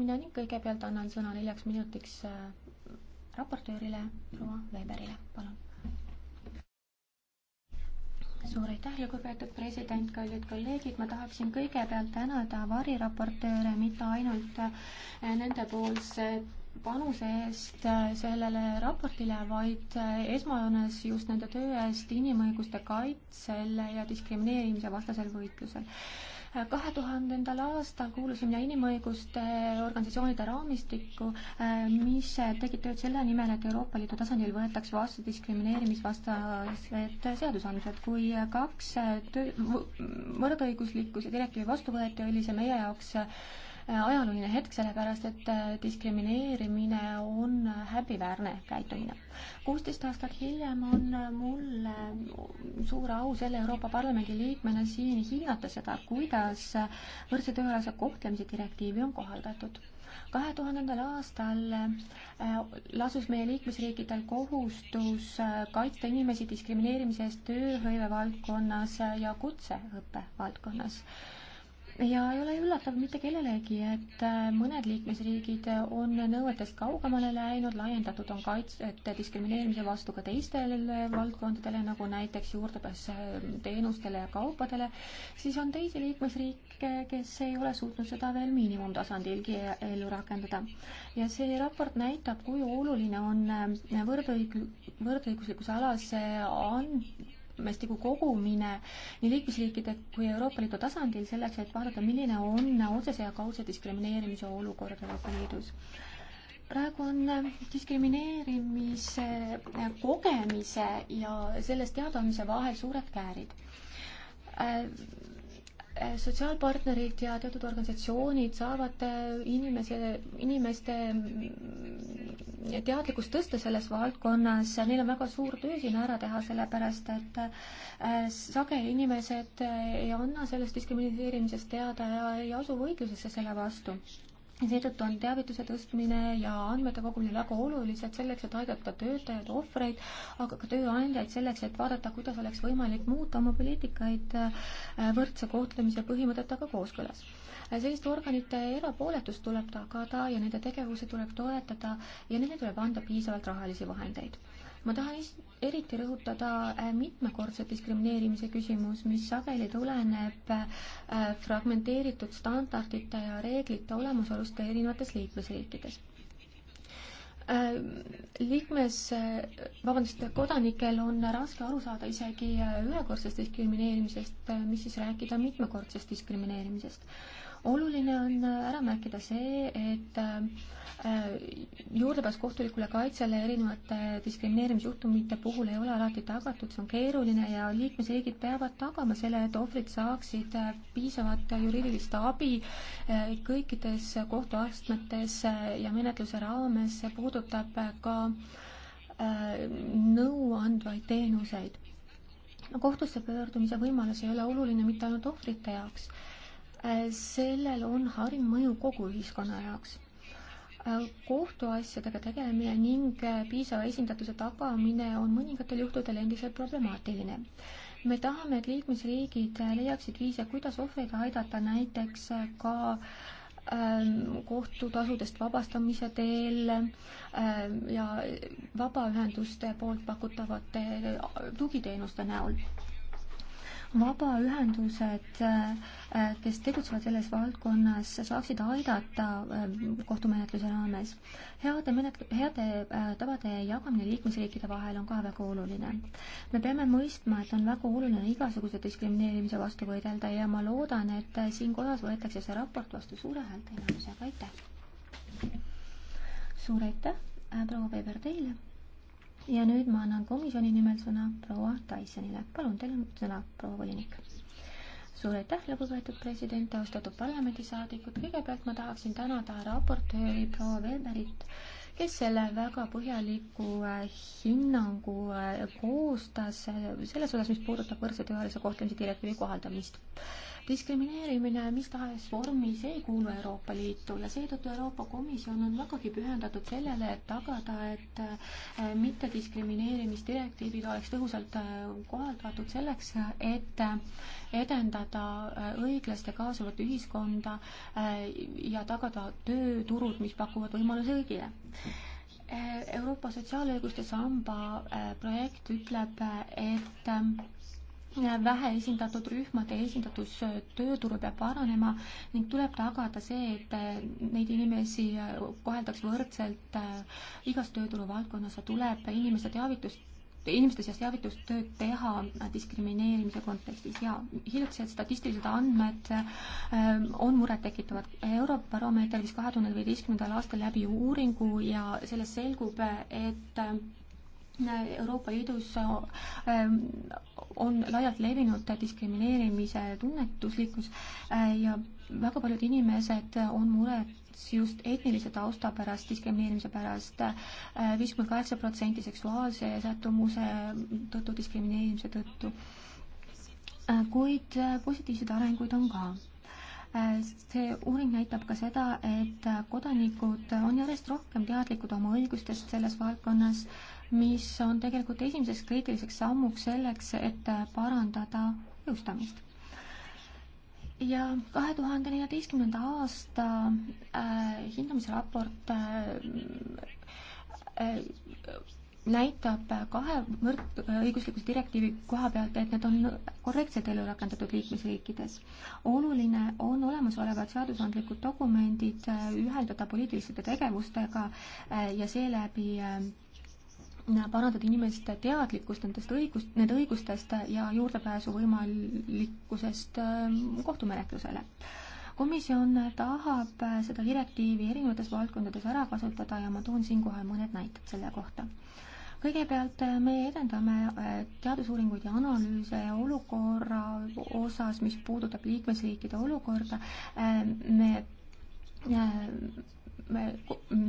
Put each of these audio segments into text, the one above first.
mina ning kõigepealt annan sõna neljaks minutiks äh, raportöörile proua Weberile, palun. suur aitäh, lugupeetud president, kallid kolleegid, ma tahaksin kõigepealt tänada variraportööre mitte ainult äh, nendepoolse panuse eest äh, sellele raportile, vaid esmajoones just nende töö eest inimõiguste kaitsel ja diskrimineerimise vastasel võitlusel kahe tuhandendal aastal kuulusin mina inimõiguste organisatsioonide raamistikku, äh, mis tegi tööd selle nimel, et Euroopa Liidu tasandil võetaks vastu diskrimineerimisvastased seadusandlused. kui kaks töö, võrdõiguslikkuse direktiivi vastu võeti, oli see meie jaoks Äh, ajalooline hetk, sellepärast et äh, diskrimineerimine on äh, häbiväärne käitumine. kuusteist aastat hiljem on mul suur au selle Euroopa Parlamendi liikmena siin hinnata seda, kuidas võrdse tööalase kohtlemise direktiivi on kohaldatud kahe tuhandendal aastal lasus meie liikmesriikidel kohustus kaitsta inimesi diskrimineerimise eest tööhõive valdkonnas ja kutseõppe valdkonnas ja ei ole üllatav mitte kellelegi, et äh, mõned liikmesriigid on nõuetest kaugemale läinud, laiendatud on kaitset diskrimineerimise vastu ka teistele valdkondadele, nagu näiteks juurdepääs äh, teenustele ja kaupadele, siis on teisi liikmesriike, kes ei ole suutnud seda veel miinimumtasandilgi äh, ellu rakendada. ja see raport näitab, kui oluline on võrdõig-, võrdõiguslikkuse alas and-, andmestiku kogumine nii liikmesriikide kui Euroopa Liidu tasandil selleks, et vaadata, milline on otsese ja kaudse diskrimineerimise olukord Euroopa Liidus. praegu on diskrimineerimise kogemise ja sellest teadaandmise vahel suured käärid äh, sotsiaalpartnerid ja teatud organisatsioonid saavad äh, inimese, inimeste mm, teadlikkust tõsta selles valdkonnas, neil on väga suur töö siin ära teha, sellepärast et äh, sageli inimesed ei anna sellest diskrimineerimisest teada ja ei asu võitlusesse selle vastu seetõttu on teavituse tõstmine ja andmete kogumine väga olulised selleks, et aidata töötajaid, ohvreid, aga ka tööandjaid selleks, et vaadata, kuidas oleks võimalik muuta oma poliitikaid äh, võrdse kohtlemise põhimõtetega kooskõlas. Äh, selliste organite erapooletust tuleb tagada ja nende tegevusi tuleb toetada ja neile tuleb anda piisavalt rahalisi vahendeid ma tahan eriti rõhutada äh, mitmekordse diskrimineerimise küsimus, mis sageli tuleneb äh, fragmenteeritud standardite ja reeglite olemasolust ka erinevates liikmesriikides äh, liikmes, vabandust, kodanikel on raske aru saada isegi ühekordsest diskrimineerimisest, mis siis rääkida mitmekordsest diskrimineerimisest oluline on äh, ära märkida see, et äh, juurdepääs kohtulikule kaitsele erinevate diskrimineerimisjuhtumite puhul ei ole alati tagatud, see on keeruline ja liikmesriigid peavad tagama selle, et ohvrid saaksid äh, piisavat juriidilist abi kõikides kohtuastmetes ja menetluse raames, see puudutab ka nõuandvaid teenuseid. kohtusse pöördumise võimalus ei ole oluline mitte ainult ohvrite jaoks Äh, sellel on harim mõju kogu ühiskonna jaoks äh, kohtuasjadega tegelemine ning äh, piisava esindatuse tagamine on mõningatel juhtudel endiselt problemaatiline. me tahame, et liikmesriigid leiaksid viise, kuidas ohvreid aidata näiteks ka ähm, kohtutasudest vabastamise teel ähm, ja vabaühenduste poolt pakutavate tugiteenuste näol vabaühendused, äh, kes tegutsevad selles valdkonnas, saaksid aidata äh, kohtumenetluse raames. heade menet-, heade äh, tavade jagamine liikmesriikide vahel on ka väga oluline. me peame mõistma, et on väga oluline igasuguse diskrimineerimise vastu võidelda ja ma loodan, et siin kojas võetakse see raport vastu suure häälteenamusega, aitäh! suur aitäh, proua Veber, teile! ja nüüd ma annan komisjoni nimel sõna proua Tysonile. palun, teil on sõna, proua volinik. suur aitäh, lugupeetud president, austatud parlamendisaadikud, kõigepealt ma tahaksin tänada raportööri proua Weberit, kes selle väga põhjaliku äh, hinnangu äh, koostas äh, selles osas, mis puudutab võrdse tööalise kohtlemise direktiivi kohaldamist diskrimineerimine mis tahes vormis ei kuulu Euroopa Liitu ja seetõttu Euroopa Komisjon on vägagi pühendatud sellele, et tagada, et äh, mittediskrimineerimisdirektiivid oleks tõhusalt äh, kohaldatud selleks, et äh, edendada õiglast ja kaasavat ühiskonda ja tagada tööturud, mis pakuvad võimaluse kõigile Euroopa sotsiaalõiguste samba projekt ütleb, et väheesindatud rühmade esindatus äh, tööturul peab paranema ning tuleb tagada see, et äh, neid inimesi äh, koheldaks võrdselt igas tööturu valdkonnas ja tuleb inimeste teavitust inimeste seas teavitustööd teha diskrimineerimise kontekstis ja hiljutised statistilised andmed on murettekitavad. Eurobaromeeter viis kahe tuhande viieteistkümnendal aastal läbi uuringu ja sellest selgub, et Euroopa Liidus ähm, on laialt levinud diskrimineerimise tunnetuslikkus äh, ja väga paljud inimesed on mures just etnilise tausta pärast, diskrimineerimise pärast, äh, viiskümmend kaheksa protsenti seksuaalse sättumuse tõttu, diskrimineerimise tõttu. Äh, kuid positiivseid arenguid on ka see uuring näitab ka seda, et kodanikud on järjest rohkem teadlikud oma õigustest selles valdkonnas mis on tegelikult esimeseks kriitiliseks sammuks selleks, et parandada jõustamist ja kahe tuhande neljateistkümnenda aasta äh, hindamisraport äh, äh, näitab kahe võrdõiguslikkuse direktiivi koha pealt, et need on korrektselt ellu rakendatud liikmesriikides. oluline on olemasolevad seadusandlikud dokumendid äh, ühendada poliitiliste tegevustega äh, ja seeläbi äh, parandada inimeste teadlikkust nendest õigust, nende õigustest ja juurdepääsu võimalikkusest ähm, kohtumenetlusele. komisjon tahab äh, seda direktiivi erinevates valdkondades ära kasutada ja ma toon siinkohal mõned näited selle kohta kõigepealt äh, me edendame äh, teadusuuringuid ja analüüse olukorra osas, mis puudutab liikmesriikide olukorda. me me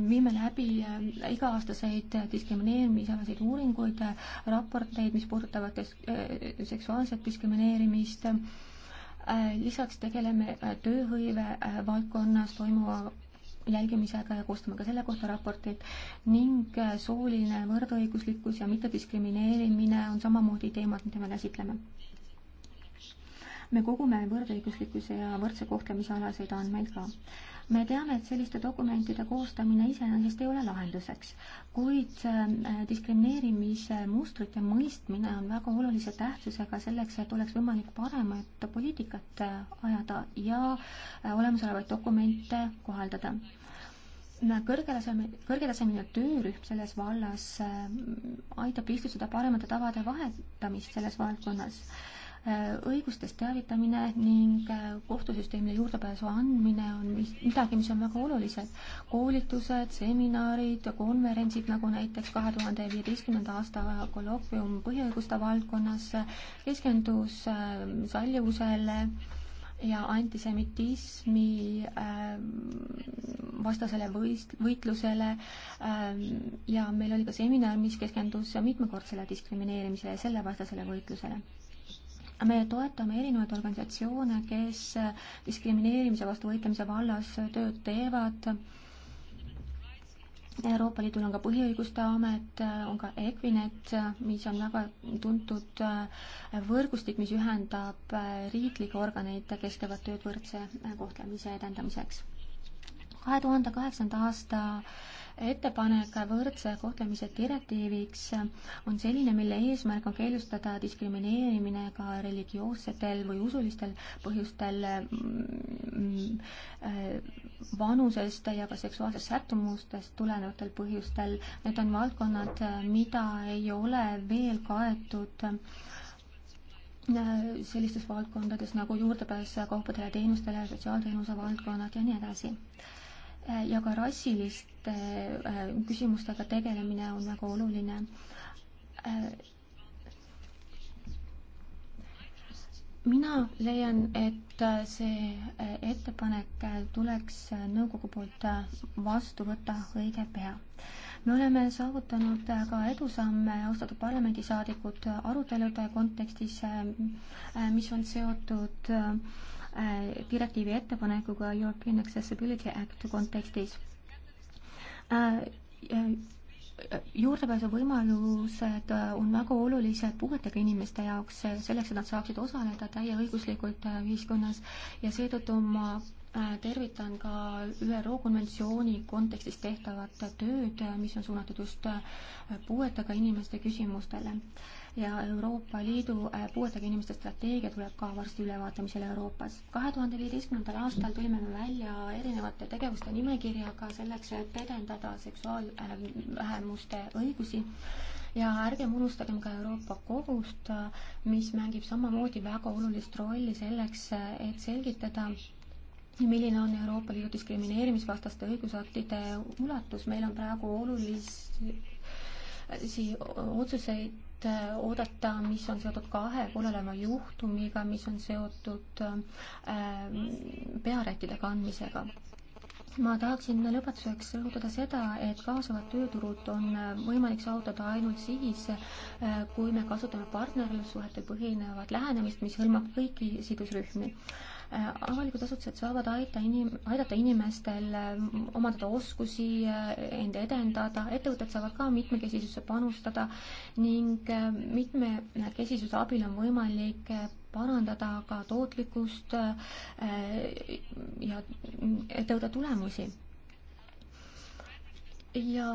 viime läbi äh, iga-aastaseid äh, diskrimineerimisalaseid uuringuid, äh, raporteid, mis puudutavad seksuaalset diskrimineerimist. lisaks tegeleme tööhõive valdkonnas toimuva jälgimisega ja koostame ka selle kohta raporteid ning sooline võrdõiguslikkus ja mittediskrimineerimine on samamoodi teemad, mida me käsitleme me kogume võrdõiguslikkuse ja võrdse kohtlemise alaseid andmeid ka me teame, et selliste dokumentide koostamine iseenesest ei ole lahenduseks, kuid äh, diskrimineerimise mustrite mõistmine on väga olulise tähtsusega selleks, et oleks võimalik paremat poliitikat äh, ajada ja äh, olemasolevaid dokumente kohaldada. kõrgetasemeline, kõrgetasemeline töörühm selles vallas aitab lihtsustada paremate tavade vahetamist selles valdkonnas Äh, õigustest teavitamine ning äh, kohtusüsteemile juurdepääsu andmine on midagi, mis on väga olulised. koolitused, seminarid, konverentsid, nagu näiteks kahe tuhande viieteistkümnenda aasta kolloquium põhiõiguste valdkonnas keskendus äh, sallivusele ja antisemitismi vastasele võist-, võitlusele ja meil oli ka seminar, mis keskendus mitmekordsele diskrimineerimisele ja sellevastasele võitlusele me toetame erinevaid organisatsioone, kes diskrimineerimise vastu võitlemise vallas tööd teevad. Euroopa Liidul on ka Põhiõiguste Amet, on ka Equinet, mis on väga tuntud võrgustik, mis ühendab riiklikke organeid, kes teevad tööd võrdse kohtlemise edendamiseks kahe tuhande kaheksanda aasta ettepanek võrdse kohtlemise direktiiviks on selline, mille eesmärk on keelustada diskrimineerimine ka religioossetel või usulistel põhjustel mm, mm, vanusest ja ka seksuaalsest sättumustest tulenevatel põhjustel. Need on valdkonnad, mida ei ole veel kaetud äh, sellistes valdkondades nagu juurdepääs kaupadele ja teenustele, sotsiaalteenuse valdkonnad ja nii edasi ja ka rassiliste äh, küsimustega tegelemine on väga oluline. Äh, mina leian, et äh, see ettepanek tuleks nõukogu poolt vastu võtta õige pea. me oleme saavutanud ka edusamme, austatud parlamendisaadikud, arutelude kontekstis, mis on seotud Äh, direktiivi ettepanekuga European Accessibility Act kontekstis. Äh, äh, juurdepääsuvõimalused on väga olulised puuetega inimeste jaoks, selleks, et nad saaksid osaleda täieõiguslikult ühiskonnas ja seetõttu ma tervitan ka ÜRO konventsiooni kontekstis tehtavat tööd, mis on suunatud just puuetega inimeste küsimustele ja Euroopa Liidu äh, puuetega inimeste strateegia tuleb ka varsti ülevaatamisele Euroopas. kahe tuhande viieteistkümnendal aastal tulime me välja erinevate tegevuste nimekirjaga selleks, et edendada seksuaalvähemuste äh, õigusi ja ärgem unustagem ka Euroopa Kohust, mis mängib samamoodi väga olulist rolli selleks, et selgitada, milline on Euroopa Liidu diskrimineerimisvastaste õigusaktide ulatus, meil on praegu olulis-, siia otsuseid äh, oodata, mis on seotud kahe kolelema juhtumiga, mis on seotud ähm, pearättide kandmisega ma tahaksin lõpetuseks rõhutada seda, et kaasavad tööturud on äh, võimalik saavutada ainult siis, äh, kui me kasutame partnerlussuhetel põhinevat lähenemist, mis hõlmab kõiki sidusrühmi avalikud asutused saavad aita inim-, aidata inimestel mm, omandada oskusi, end edendada, ettevõtted saavad ka mitmekesisusse panustada ning mitmekesisuse abil on võimalik parandada ka tootlikkust eh, ja ettevõtte tulemusi ja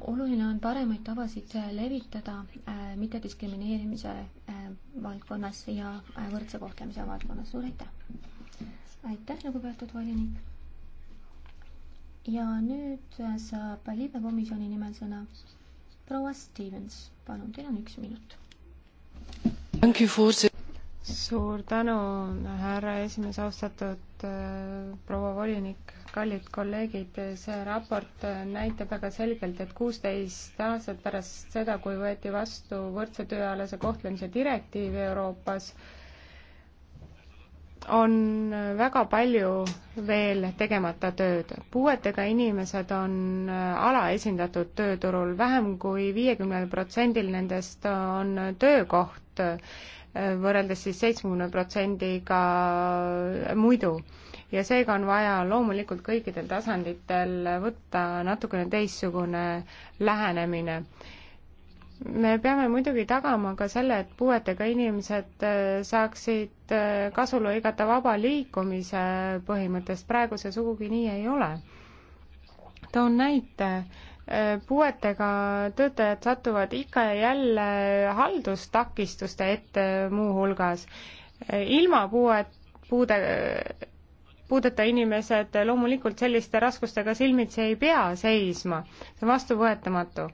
oluline on paremaid tavasid levitada äh, mittediskrimineerimise äh, valdkonnas ja äh, võrdse kohtlemise valdkonnas. suur aitäh! aitäh, lugupeetud volinik! ja nüüd saab liibekomisjoni nimel sõna proua Stevens, palun, teil on üks minut. suur tänu, härra esimees, austatud proua volinik kallid kolleegid, see raport näitab väga selgelt, et kuusteist aastat pärast seda, kui võeti vastu võrdse tööalase kohtlemise direktiiv Euroopas, on väga palju veel tegemata tööd. puuetega inimesed on alaesindatud tööturul, vähem kui viiekümnel protsendil nendest on töökoht, võrreldes siis seitsmekümne protsendiga muidu ja seega on vaja loomulikult kõikidel tasanditel võtta natukene teistsugune lähenemine. me peame muidugi tagama ka selle, et puuetega inimesed äh, saaksid äh, kasu lõigata vaba liikumise põhimõttest, praegu see sugugi nii ei ole. toon näite äh, puuetega töötajad satuvad ikka ja jälle haldustakistuste ette muuhulgas. ilma puuet, puude, puudeta inimesed loomulikult selliste raskustega silmitsi ei pea seisma, see on vastuvõetamatu.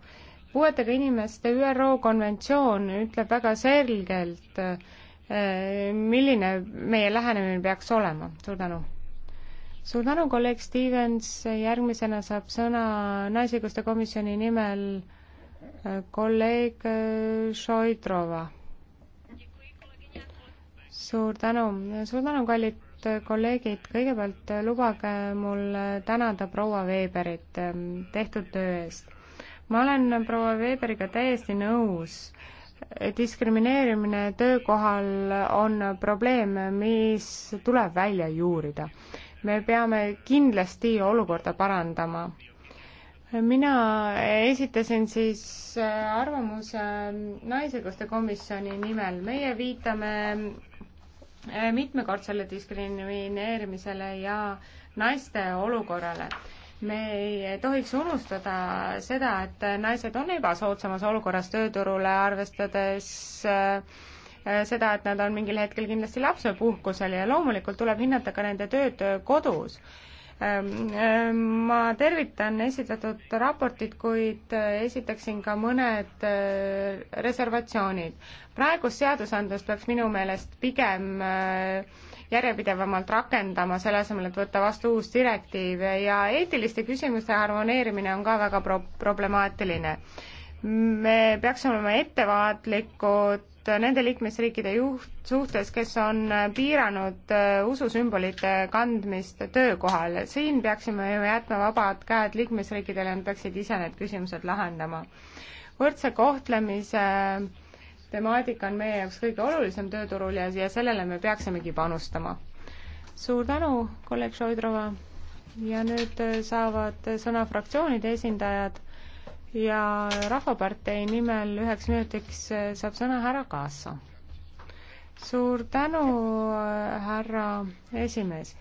puuetega inimeste ÜRO konventsioon ütleb väga selgelt, eh, milline meie lähenemine peaks olema, suur tänu. suur tänu, kolleeg Stevens, järgmisena saab sõna Naisõiguste komisjoni nimel eh, kolleeg eh, Šoidrova. suur tänu, suur tänu, kallid lugupeetud kolleegid, kõigepealt lubage mul tänada proua Veberit ehm, tehtud töö eest. ma olen proua Veberiga täiesti nõus diskrimineerimine töökohal on probleem, mis tuleb välja juurida. me peame kindlasti olukorda parandama. mina esitasin siis äh, arvamuse äh, Naisõiguste komisjoni nimel, meie viitame Äh, mitmekordsele diskrimineerimisele ja naiste olukorrale. me ei tohiks unustada seda, et naised on ebasoodsamas olukorras tööturule, arvestades äh, seda, et nad on mingil hetkel kindlasti lapsepuhkusel ja loomulikult tuleb hinnata ka nende tööd äh, kodus Ehm, ehm, ma tervitan esitatud raportit, kuid äh, esitaksin ka mõned äh, reservatsioonid. praegust seadusandlust peaks minu meelest pigem äh, järjepidevamalt rakendama, selle asemel, et võtta vastu uus direktiiv ja eetiliste küsimuste harmoneerimine on ka väga pro-, problemaatiline. me peaksime olema ettevaatlikud nende liikmesriikide juht suhtes, kes on piiranud äh, ususümbolite kandmist töökohal. siin peaksime ju jätma vabad käed liikmesriikidele, nad peaksid ise need küsimused lahendama. võrdse kohtlemise äh, temaatika on meie jaoks kõige olulisem tööturul ja, ja sellele me peaksimegi panustama. suur tänu, kolleeg Šoidrova ja nüüd äh, saavad sõna fraktsioonide esindajad ja Rahvapartei nimel üheks minutiks saab sõna härra Kaasa. suur tänu, härra esimees.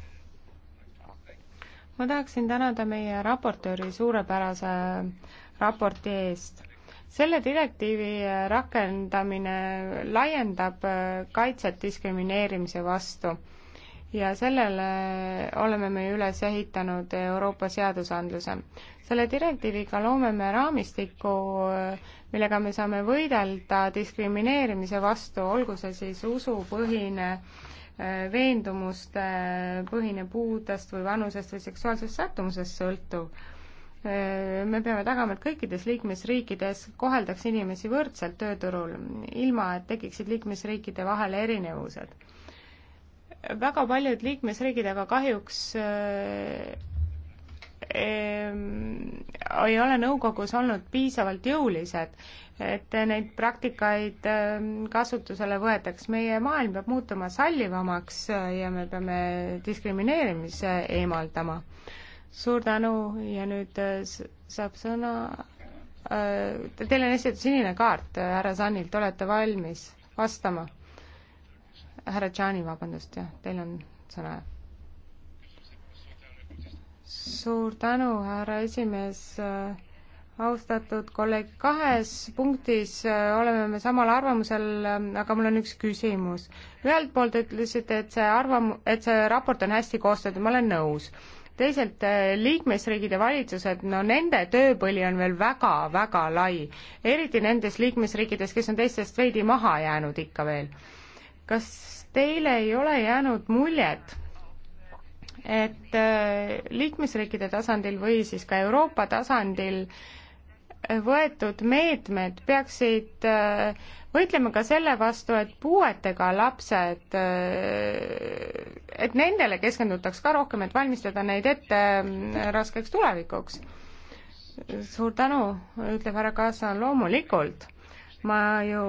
ma tahaksin tänada meie raportööri suurepärase raporti eest. selle direktiivi rakendamine laiendab kaitset diskrimineerimise vastu ja sellele oleme me üles ehitanud Euroopa seadusandluse. selle direktiiviga loome me raamistiku, millega me saame võidelda diskrimineerimise vastu, olgu see siis usupõhine äh, veendumuste äh, põhine puudest või vanusest või seksuaalsest sättumusest sõltuv. Äh, me peame tagama, et kõikides liikmesriikides koheldakse inimesi võrdselt tööturul, ilma et tekiksid liikmesriikide vahel erinevused väga paljud liikmesriigid aga kahjuks äh, äh, ei ole nõukogus olnud piisavalt jõulised, et neid praktikaid äh, kasutusele võetaks. meie maailm peab muutuma sallivamaks ja me peame diskrimineerimise eemaldama. suur tänu ja nüüd äh, saab sõna äh, Teil on esitatud sinine kaart äh, härra Sannilt, olete valmis vastama? härra Tšaani, vabandust, jah, teil on sõna. suur tänu, härra esimees austatud kolleeg, kahes punktis äh, oleme me samal arvamusel, äh, aga mul on üks küsimus. ühelt poolt ütlesite, et see arvam-, et see raport on hästi koostatud, ma olen nõus. teisalt, äh, liikmesriigid ja valitsused, no nende tööpõli on veel väga-väga lai, eriti nendes liikmesriikides, kes on teistest veidi maha jäänud ikka veel kas teile ei ole jäänud muljet, et äh, liikmesriikide tasandil või siis ka Euroopa tasandil äh, võetud meetmed peaksid äh, võitlema ka selle vastu, et puuetega lapsed, et nendele keskendutaks ka rohkem, et valmistada neid ette raskeks tulevikuks. suur tänu, ütleb härra Kaasa, loomulikult ma ju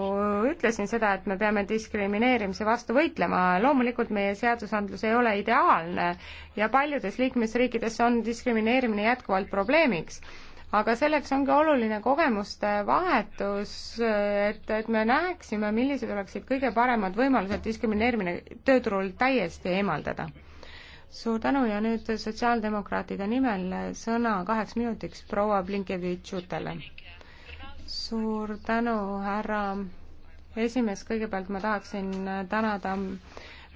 ütlesin seda, et me peame diskrimineerimise vastu võitlema, loomulikult meie seadusandlus ei ole ideaalne ja paljudes liikmesriikides on diskrimineerimine jätkuvalt probleemiks. aga selleks ongi oluline kogemuste vahetus, et, et me näeksime, millised oleksid kõige paremad võimalused diskrimineerimine tööturul täiesti eemaldada. suur tänu ja nüüd sotsiaaldemokraatide nimel sõna kaheks minutiks proua Blinkevitš-Utele suur tänu, härra esimees, kõigepealt ma tahaksin tänada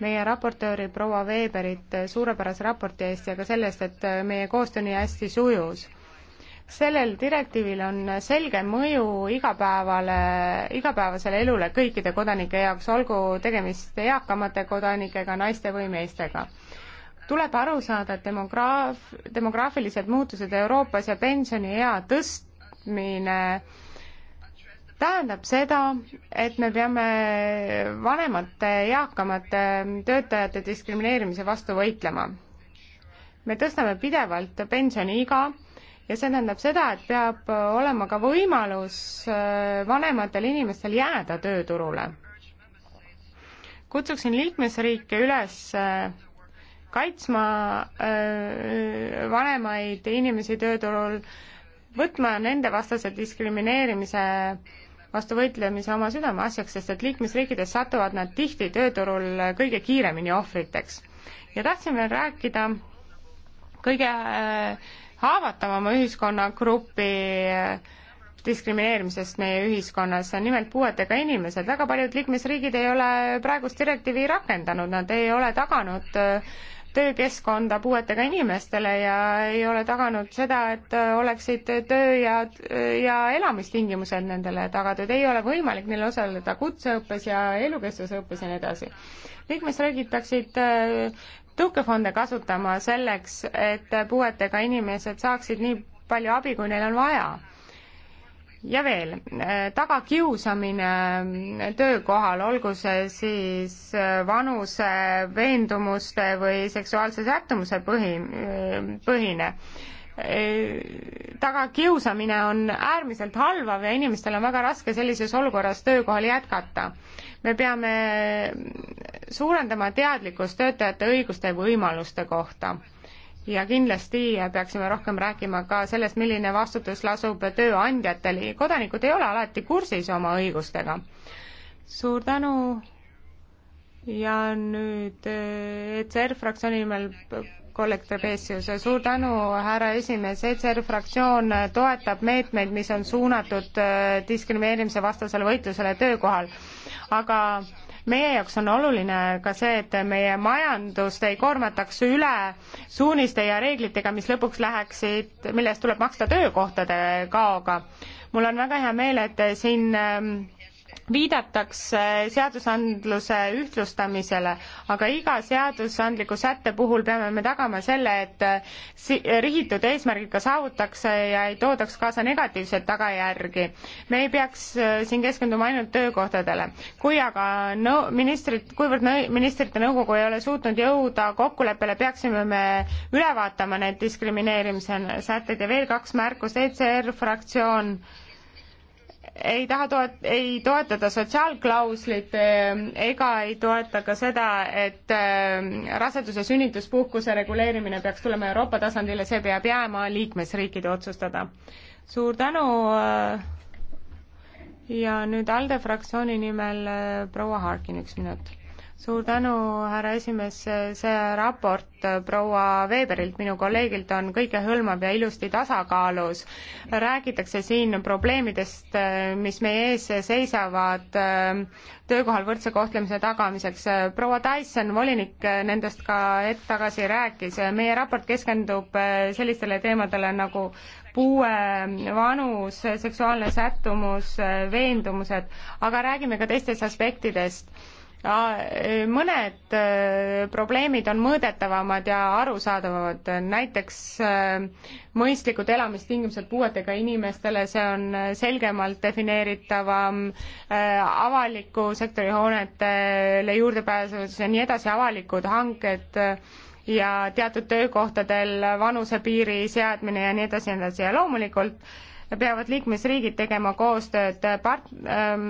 meie raportööri proua Veberit suurepärase raporti eest ja ka selle eest, et meie koostöö nii hästi sujus sellel direktiivil on selge mõju igapäevale, igapäevasele elule kõikide kodanike jaoks, olgu tegemist eakamate kodanikega, naiste või meestega. tuleb aru saada, et demograaf, demograafilised muutused Euroopas ja pensioniea tõstmine äh, tähendab seda, et me peame vanemate, eakamate töötajate diskrimineerimise vastu võitlema. me tõstame pidevalt pensioniiga ja see tähendab seda, et peab olema ka võimalus äh, vanematel inimestel jääda tööturule. kutsuksin liikmesriike üles äh, kaitsma äh, vanemaid inimesi tööturul, võtma nende vastase diskrimineerimise äh, vastu võitlemise oma südameasjaks, sest et liikmesriikides satuvad nad tihti tööturul kõige kiiremini ohvriteks. ja tahtsin veel rääkida kõige äh, haavatavama ühiskonnagrupi äh, diskrimineerimisest meie ühiskonnas, nimelt puuetega inimesed. väga paljud liikmesriigid ei ole praegust direktiivi rakendanud, nad ei ole taganud äh, töökeskkonda puuetega inimestele ja ei ole taganud seda, et äh, oleksid töö ja, ja elamistingimused nendele tagatud, ei ole võimalik neil osaleda kutseõppes ja elukestvas õppes ja nii edasi. liikmesriigid peaksid äh, tõukefonde kasutama selleks, et puuetega inimesed saaksid nii palju abi, kui neil on vaja ja veel, äh, tagakiusamine äh, töökohal, olgu see siis äh, vanuse, veendumuste või seksuaalse sättumuse põhi, põhine. tagakiusamine on äärmiselt halvav ja inimestel on väga raske sellises olukorras töökohal jätkata. me peame suurendama teadlikkust töötajate õiguste ja võimaluste kohta ja kindlasti peaksime rohkem rääkima ka sellest, milline vastutus lasub tööandjatel. kodanikud ei ole alati kursis oma õigustega. suur tänu ja nüüd ECR eh, e fraktsiooni nimel kolleeg Trebesius, suur tänu, härra esimees, ECR fraktsioon toetab meetmeid, mis on suunatud eh, diskrimineerimise vastasele võitlusele töökohal, aga meie jaoks on oluline ka see, et meie majandust ei koormataks üle suuniste ja reeglitega, mis lõpuks läheksid, mille eest tuleb maksta töökohtade kaoga. mul on väga hea meel, et siin ähm, viidatakse seadusandluse ühtlustamisele, aga iga seadusandliku sätte puhul peame me tagama selle, et rihitud eesmärgid ka saavutakse ja ei toodaks kaasa negatiivseid tagajärgi. me ei peaks äh, siin keskenduma ainult töökohtadele. kui aga no ministrid, kuivõrd nõ, ministrite nõukogu ei ole suutnud jõuda kokkuleppele, peaksime me üle vaatama need diskrimineerimise sätted ja veel kaks märkust, ECR fraktsioon ei taha toet-, ei toetada sotsiaalklauslit ehm, ega ei toeta ka seda, et ehm, raseduse sünnituspuhkuse reguleerimine peaks tulema Euroopa tasandile, see peab jääma liikmesriikide otsustada. suur tänu ehm, ja nüüd ALDE fraktsiooni nimel proua Harkin, üks minut suur tänu, härra esimees, see raport äh, proua Weberilt, minu kolleegilt, on kõikehõlmav ja ilusti tasakaalus. räägitakse siin probleemidest, äh, mis meie ees seisavad äh, töökohal võrdse kohtlemise tagamiseks. proua Tyson, volinik, nendest ka hetk tagasi rääkis. meie raport keskendub sellistele teemadele nagu puue, vanus, seksuaalne sättumus, veendumused, aga räägime ka teistest aspektidest E, mõned e, probleemid on mõõdetavamad ja arusaadavamad, näiteks e, mõistlikud elamistingimused puuetega inimestele, see on selgemalt defineeritavam, avaliku sektori hoonetele juurdepääsus ja nii edasi, avalikud hanked ja teatud töökohtadel vanusepiiri seadmine ja nii edasi ja nii edasi ja loomulikult peavad liikmesriigid tegema koostööd part-, ähm,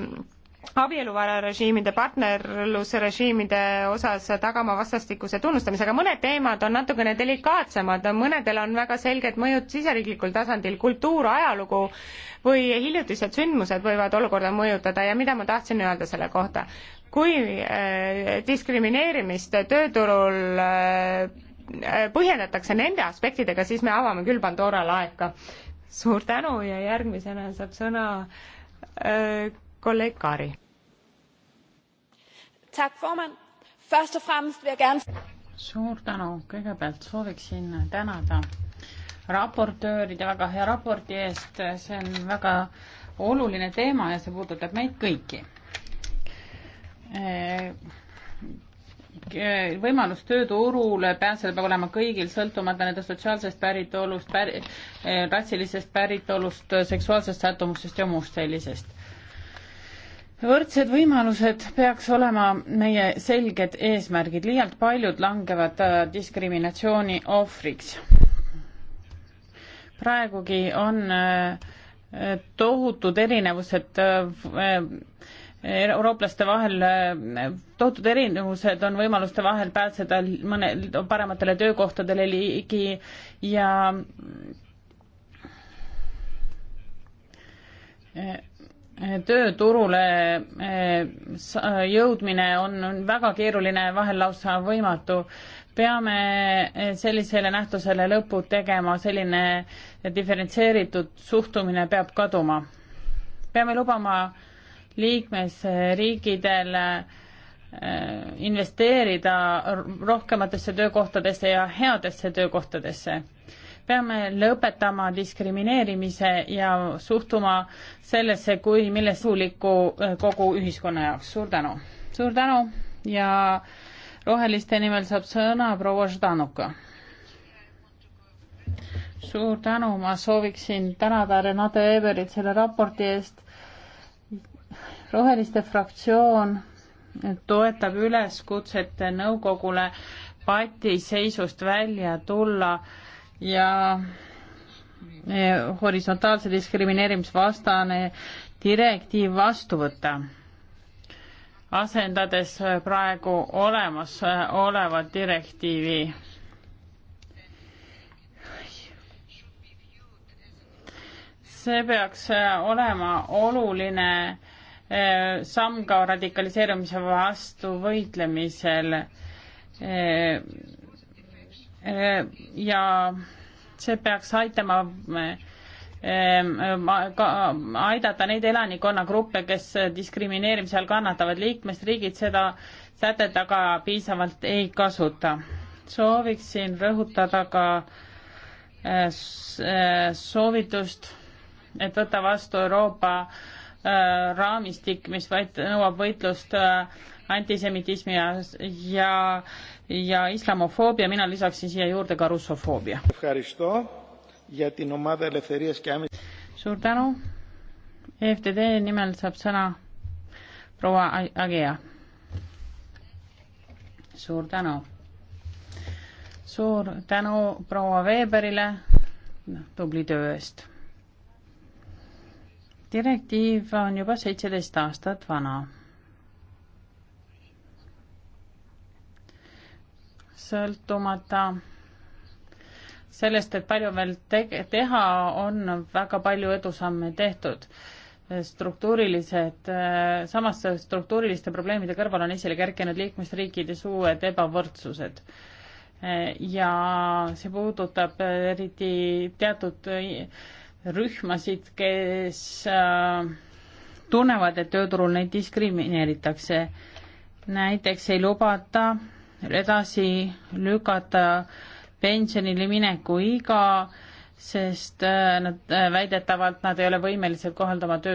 abieluvararežiimide, partnerlusrežiimide osas tagama vastastikuse tunnustamise, aga mõned teemad on natukene delikaatsemad, mõnedel on väga selged mõjud siseriiklikul tasandil, kultuur, ajalugu või hiljutised sündmused võivad olukorda mõjutada ja mida ma tahtsin öelda selle kohta. kui äh, diskrimineerimist tööturul äh, põhjendatakse nende aspektidega, siis me avame küll Pandora laeka. suur tänu ja järgmisena saab sõna äh, kolleeg Kaari. suur tänu, kõigepealt sooviksin tänada raportööride väga hea raporti eest, see on väga oluline teema ja see puudutab meid kõiki. Äh, võimalus tööturule pääseda peab olema kõigil, sõltumata nende sotsiaalsest päritolust päri,, äh, ratsilisest päritolust, seksuaalsest sättumusest ja muust sellisest võrdsed võimalused peaks olema meie selged eesmärgid, liialt paljud langevad äh, diskriminatsiooni ohvriks. praegugi on äh, tohutud erinevused äh, eurooplaste vahel, tohutud erinevused on võimaluste vahel pääseda mõne parematele töökohtadele ligi ja tööturule eh, jõudmine on, on väga keeruline, vahel lausa võimatu. peame eh, sellisele nähtusele lõpu tegema, selline diferentseeritud suhtumine peab kaduma. peame lubama liikmesriigidel eh, investeerida rohkematesse töökohtadesse ja headesse töökohtadesse peame lõpetama diskrimineerimise ja suhtuma sellesse kui millesuuliku äh, kogu ühiskonna jaoks. suur tänu. suur tänu ja roheliste nimel saab sõna proua Ždanuka. suur tänu, ma sooviksin tänada Renate Weberit selle raporti eest. roheliste fraktsioon toetab üleskutset nõukogule patiseisust välja tulla äh, ja eh, horisontaalse diskrimineerimisvastane direktiiv vastu võtta, asendades eh, praegu olemasolevat eh, direktiivi. see peaks olema oluline samm ka radikaliseerumise vastu võitlemisel ja see peaks aitama ehm, ka aidata neid elanikkonnagruppe, kes diskrimineerimise all kannatavad, liikmesriigid seda sätet aga piisavalt ei kasuta. sooviksin rõhutada ka eh, eh, soovitust, et võtta vastu Euroopa eh, raamistik, mis vaid nõuab võitlust antisemitismi ja, ja ja islamofoobia, mina lisaksin siia juurde ka russofoobia. suur tänu. EFTD nimel saab sõna proua Agea. suur tänu. suur tänu proua Veberile tubli töö eest. direktiiv on juba seitseteist aastat vana sõltumata sellest, et palju veel te-, teha, on väga palju edusamme tehtud. struktuurilised, samas struktuuriliste probleemide kõrval on esile kerkinud liikmesriikides uued ebavõrdsused. ja see puudutab eriti teatud rühmasid, kes tunnevad, et tööturul neid diskrimineeritakse. näiteks ei lubata edasi lükata pensionile mineku iga, sest äh, nad äh, väidetavalt, nad ei ole võimelised kohaldama tööturu